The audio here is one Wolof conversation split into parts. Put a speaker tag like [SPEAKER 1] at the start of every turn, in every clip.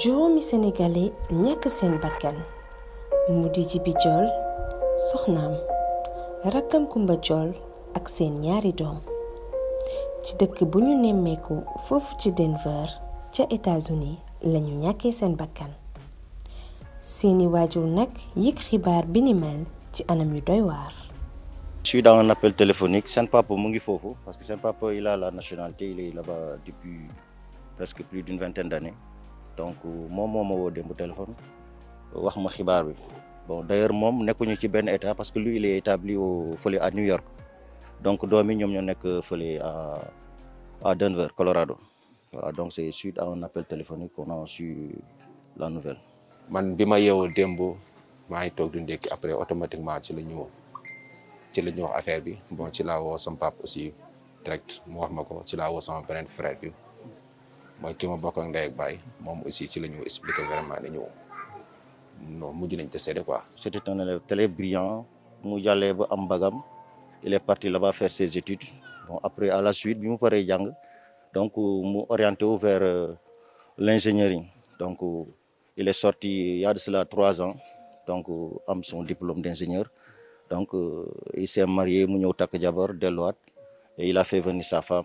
[SPEAKER 1] juróomi sénégalais ñàkk seen bakkan mu di Djibi Diol soxnaam rakkam Kumba Diol ak seen ñaari doom ci dëkk bu ñu nemmeeku foofu ci Denver ca États-Unis lañu ñàkkee seen bakkan seeni waajur nag yëg xibaar bi ni mel ci anam yu doy waar.
[SPEAKER 2] Je suis dans un appel téléphonique seen papa mu ngi parce que seen papa il a la nationalité il est là-bas depuis presque plus d'une vingtaine d'années donc moom moo ma woo démb téléphone wax ma xibaar bi bon d'ailleurs moom nekkuñu ci benn état parce que lui il est établi au fële à New York donc doom yi ñoom ñoo nekk fële à à Denver Colorado voilà donc c'est suite à un appel téléphonique qu'on a su la nouvelle. man bi ma yeewoo démb
[SPEAKER 3] maa ngi toog du ndékki après automatiquement ci la ñu ci la ñu wax affaire bi bon ci laa woo sama papa aussi direct mu wax ma ko ci laa woo sama beneen frère bi mooy
[SPEAKER 2] ki ma bokk ak nday ak bay mom aussi ci lañu expliquer vraiment ne ñu non mujj nañ te seede quoi. c'était un élève très brillant mu jallé ba am bagam il est parti là-bas faire ses études bon après à la suite bi mu paree jang donc mu orienté vers euh, l'ingénierie donc euh, il est sorti il y a de cela trois ans donc euh, am son diplôme d'ingénieur donc il s'est marié mu ñeu tak jabar delluwaat et il a fait venir sa femme.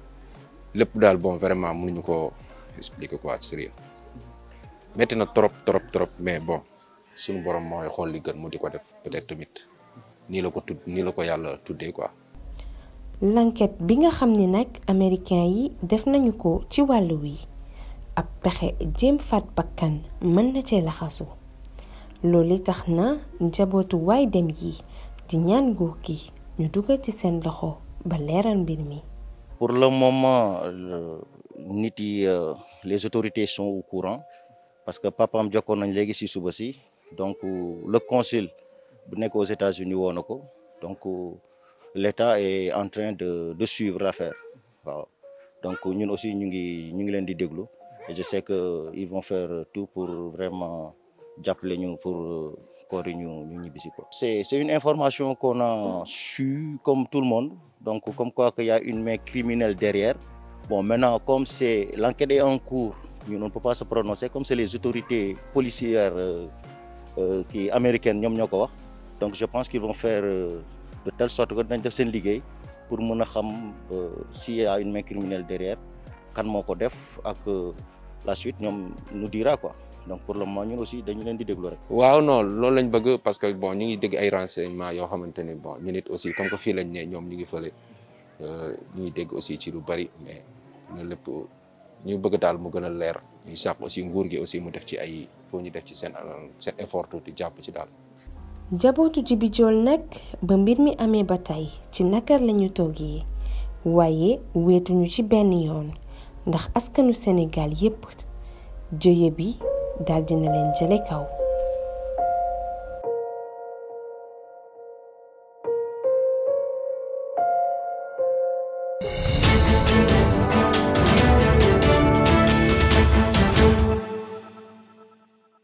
[SPEAKER 3] lépp daal bon vraiment mënuñu koo expliquer quoi sérieux métti na trop trop trop mais bon suñu borom mooy xool li gën mu di ko def peut-être tamit nii la ko tudd nii la ko yàlla tuddee ko
[SPEAKER 1] l'enquête bi nga xam ni nag américain yi def nañu ko ci wàll wi ab pexe jéem faat bakkan mën na cee laxasu loolu tax na njabootu waay dem yi di ñaan nguur gi ñu dugal ci seen loxo ba leeral mbir mi.
[SPEAKER 2] Pour le moment, euh, les autorités sont au courant parce que papam jokkoon nañ léegi suba ci donc euh, le consul n'est aux États-Unis donc euh, l'État est en train de suivre l'affaire donc nous aussi nous ngi ñu je sais qu'ils vont faire tout pour vraiment nous ñu pour corriger nous. ñu ñu une information qu'on a su comme tout le monde. Donc, comme quoi qu'il y a une main criminelle derrière. Bon, maintenant, comme c'est l'enquête est en cours, on ne peut pas se prononcer, comme c'est les autorités policières euh, euh, qui, américaines, donc je pense qu'ils vont faire euh, de telle sorte que nous def nous pour nous euh, si s'il y a une main criminelle derrière kan et euh, la suite nous dira quoi. donc pour le moment ñun aussi dañu leen di déglu rek.
[SPEAKER 3] waaw non loolu lañ bëgg parce que bon ñu ngi dégg ay renseignements yoo xamante ne bon ñun it aussi comme que fii lañ ne ñoom ñu ngi fële euh, ñu ngi dégg aussi ci lu bari mais ñu lépp ñu bëgg daal mu gën a leer ñu sàq aussi nguur gi aussi mu def ci ay pour ñu def ci seen seen effort tuuti jàpp ci daal.
[SPEAKER 1] njabootu bi Diol nag ba mbir mi amee ba tey ci nakar lañu toogee waaye weetuñu ci benn yoon ndax askanu Sénégal yépp jëye bi Dardine Angelical. thank